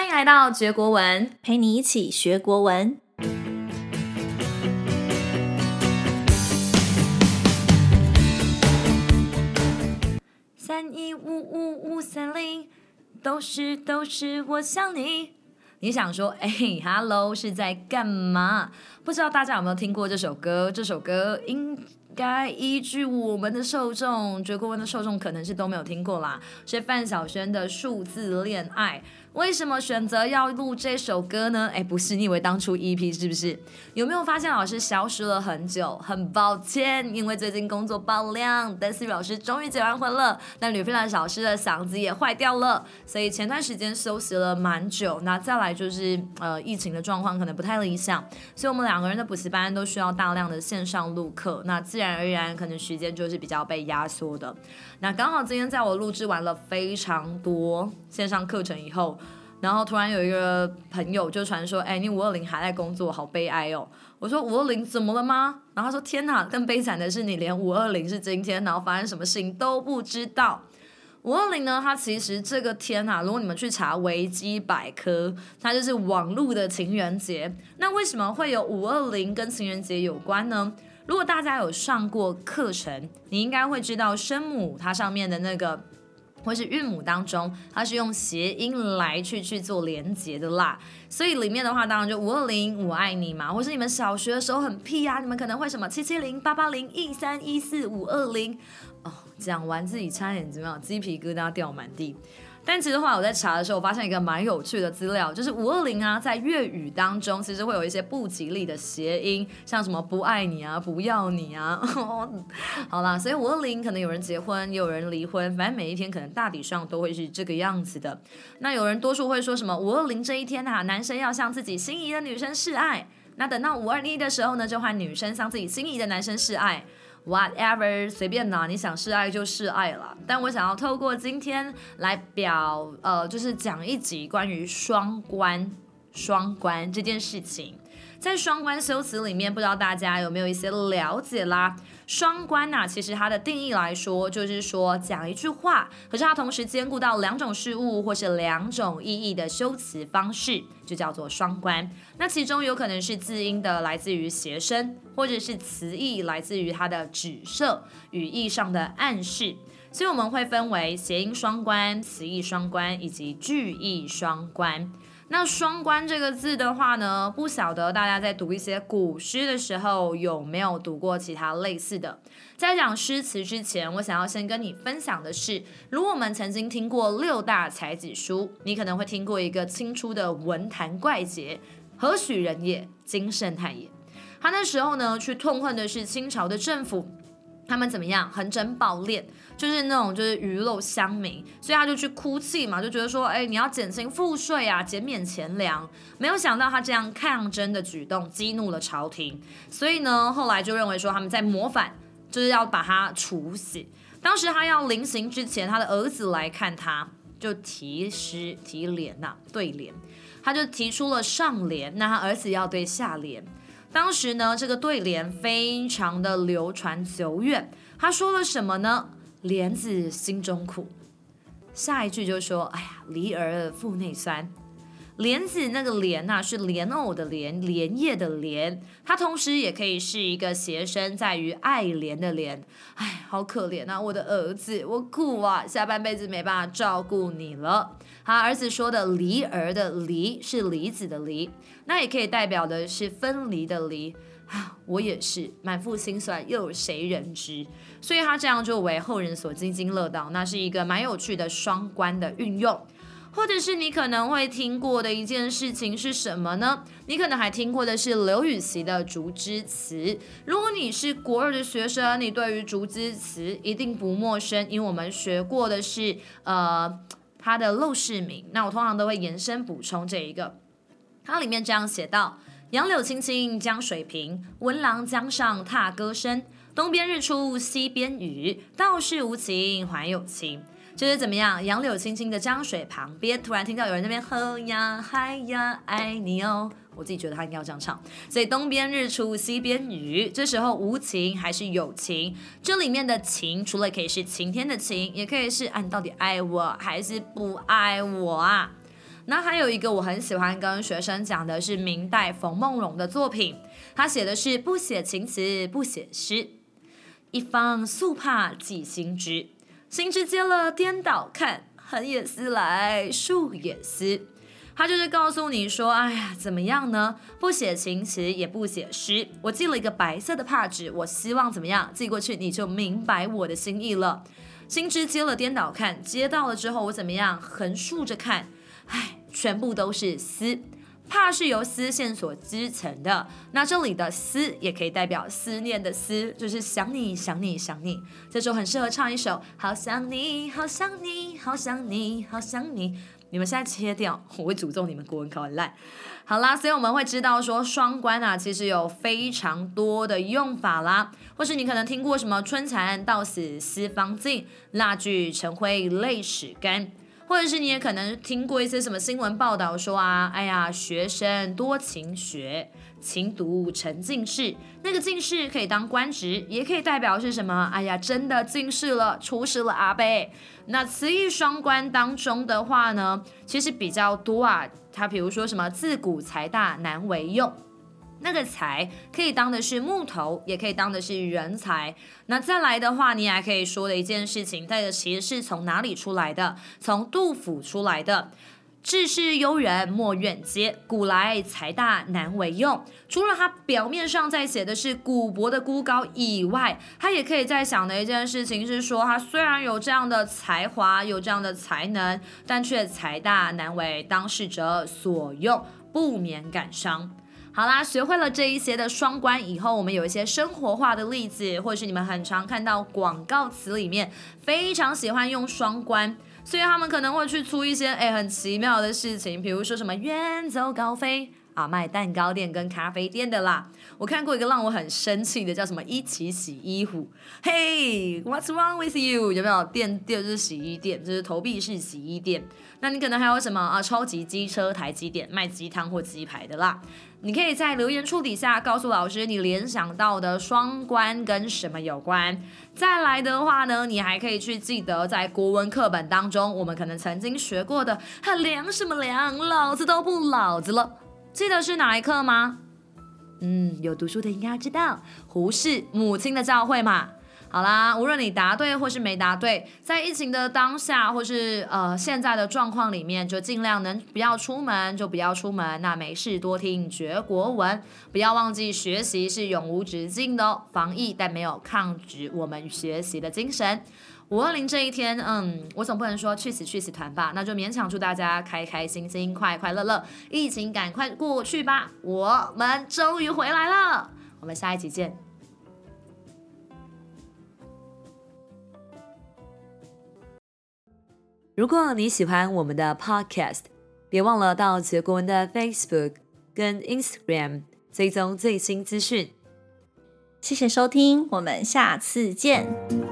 歡迎來到學國文，陪你一起學國文。三一五五五三零，都是都是我想你。你想說，哎，欸，Hello，是在幹嘛？不知道大家有沒有聽過這首歌？這首歌應該依據我們的受眾，學國文的受眾可能是都沒有聽過啦。是范曉萱的《數字戀愛》。為什麼選擇要錄這首歌呢？哎，不是，你以為當初 EP 是不是？有沒有發現老師消失了很久？很抱歉，因為最近工作爆量，Daisy 老師終於結完婚了。那呂非蘭老師的嗓子也壞掉了，所以前段時間休息了蠻久。那再來就是，呃，疫情的狀況可能不太理想，所以我們兩個人的補習班都需要大量的線上錄課，那自然而然可能時間就是比較被壓縮的。那剛好今天在我錄制完了非常多線上課程以後。然後突然有一個朋友就傳說，哎、欸，你五二零還在工作，好悲哀哦。我說五二零怎麼了嗎？然後他說，天哪，更悲慘的是你連五二零是今天，然後發生什麼事情都不知道。五二零呢，它其實這個天哪，如果你們去查維基百科，它就是網絡的情人節。那為什麼會有五二零跟情人節有關呢？如果大家有上過課程，你應該會知道聲母它上面的那個。或是韻母當中，它是用諧音來去去做連接的啦，所以裡面的話當然就五二零我愛你嘛，或是你們小學的時候很屁啊，你們可能會什麼七七零八八零一三一四五二零，哦，講完自己差點怎麼樣，雞皮疙瘩掉滿地。但其實的話，我在查的時候，我發現一個蠻有趣的資料，就是五二零啊，在粵語當中，其實會有一些不吉利的諧音，像什麼不愛你啊，不要你啊。 好啦，所以五二零可能有人結婚，也有人離婚，反正每一天可能大體上都會是這個樣子的。那有人多數會說什麼五二零這一天哈、啊，男生要向自己心儀的女生示愛，那等到五二一的時候呢，就換女生向自己心儀的男生示愛。whatever，隨便啦，你想示愛就是示愛了。但我想要透過今天來表，呃，就是講一集關於雙關、雙關這件事情。在雙關修辭裡面，不知道大家有沒有一些了解啦？雙關吶、啊，其實它的定義來說，就是說講一句話，可是它同時兼顧到兩種事物或是兩種意義的修辭方式，就叫做雙關。那其中有可能是字音的來自於諧聲，或者是詞義來自於它的指涉語義上的暗示。所以我們會分為諧音雙關、詞義雙關以及句義雙關。那雙關這個字的話呢，不曉得大家在讀一些古詩的時候有沒有讀過其他類似的。在講詩詞之前，我想要先跟你分享的是，如果我們曾經聽過六大才子書，你可能會聽過一個清初的文壇怪傑，何許人也？金聖嘆也。他那時候呢，去痛恨的是清朝的政府，他們怎麼樣橫徵暴斂。就是那種就是魚肉鄉民。所以他就去哭泣嘛，就覺得說，誒、哎，你要減輕賦稅啊，減免錢糧。沒有想到他這樣抗爭的舉動激怒了朝廷，所以呢，後來就認為說他們在謀反，就是要把他處死。當時他要臨刑之前，他的兒子來看他，就題詩題聯吶、啊，對聯，他就提出了上聯，那他兒子要對下聯。當時呢，這個對聯非常的流傳久遠，他說了什麼呢？蓮子心中苦，下一句就說：“哎呀，梨兒腹內酸。”蓮子那個蓮吶、啊，是蓮藕的蓮，蓮葉的蓮，它同時也可以是一個諧聲，在於愛蓮的蓮。哎，好可憐吶、啊，我的兒子，我苦啊，下半輩子沒辦法照顧你了。他兒子說的梨兒的梨，是梨子的梨，那也可以代表的是分離的離。啊，我也是滿腹心酸，又有誰人知？所以他這樣就為後人所津津樂道，那是一個蠻有趣的雙關的運用。或者是你可能會聽過的一件事情是什麼呢？你可能還聽過的是劉禹錫的《竹枝詞》。如果你是國二的學生，你對於《竹枝詞》一定不陌生，因為我們學過的是呃他的《陋室銘》。那我通常都會延伸補充這一個，它裡面這樣寫道：楊柳青青江水平，聞郎江上踏歌聲。東邊日出西邊雨，道是無晴還有晴。就是怎麼樣？楊柳青青的江水旁邊，突然聽到有人在那邊哼呀嗨呀愛你哦！我自己覺得他應該要這樣唱。所以東邊日出西邊雨，這時候無情還是有情？這裡面的情，除了可以是晴天的晴，也可以是你到底愛我還是不愛我啊？那還有一個我很喜歡跟學生講的是明代馮夢龍的作品，他寫的是不寫情詞不寫詩，一方素帕寄心知。心知接了顛倒看，橫也思來，豎也思。他就是告訴你說，哎呀，怎麼樣呢？不寫情詞，也不寫詩。我寄了一個白色的帕紙，我希望怎麼樣寄過去，你就明白我的心意了。心知接了顛倒看，接到了之後我怎麼樣，橫豎着看，哎，全部都是思。怕是由絲線所織成的，那這裡的絲也可以代表思念的思，就是想你想你想你。這時候很適合唱一首《好想你，好想你，好想你，好想你》。你們現在切掉，我會詛咒你們國文考很爛。好啦，所以我們會知道說雙關啊，其實有非常多的用法啦，或是你可能聽過什麼春“春蠶到死絲方盡，蠟炬成灰淚始乾”。或者是你也可能聽過一些什麼新聞報道說啊，哎呀，學生多勤學，勤讀成進士，那個進士可以當官職，也可以代表是什麼？哎呀，真的進士了，出師了啊。唄那詞義雙關當中的話呢，其實比較多啊。他比如說什麼，自古才大難為用。那個才可以當的是木頭，也可以當的是人才。那再來的話，你還可以說的一件事情，帶、這、着、個、其實是從哪裡出來的？從杜甫出來的。志士幽人莫怨嗟，古來才大難為用。除了他表面上在寫的是古柏的孤高以外，他也可以在想的一件事情是說，他雖然有這樣的才華，有這樣的才能，但卻才大難為當事者所用，不免感傷。好啦，學會了這一些的雙關以後，我們有一些生活化的例子，或是你們很常看到廣告詞裡面，非常喜歡用雙關，所以他們可能會去出一些哎、欸、很奇妙的事情，比如說什麼遠走高飛。啊、賣蛋糕店跟咖啡店的啦。我看過一個讓我很生氣的，叫什麼一起洗衣服。嘿、hey, what's wrong with you？有沒有店？店就是洗衣店，就是投幣式洗衣店。那你可能還有什麼啊？超級機車，台積電，賣雞湯或雞排的啦。你可以在留言處底下告訴老師你聯想到的雙關跟什麼有關。再來的話呢，你還可以去記得在國文課本當中，我們可能曾經學過的“很涼什麼涼，老子都不老子了”。記得是哪一課嗎？嗯，有讀書的應該知道，胡適母親的教誨嘛。好啦，無論你答對或是沒答對，在疫情的當下或是呃現在的狀況裡面，就盡量能不要出門就不要出門。那沒事多聽學國文，不要忘記學習是永無止境的哦。防疫但沒有抗拒我們學習的精神。五二零這一天，嗯，我總不能說去死去死團吧，那就勉強祝大家開開心心、心快快樂樂，疫情趕快過去吧，我們終於回來了。我們下一集見。如果你喜歡我們的 Podcast，別忘了到杰國文的 Facebook 跟 Instagram 追蹤最新資訊。謝謝收聽，我們下次見。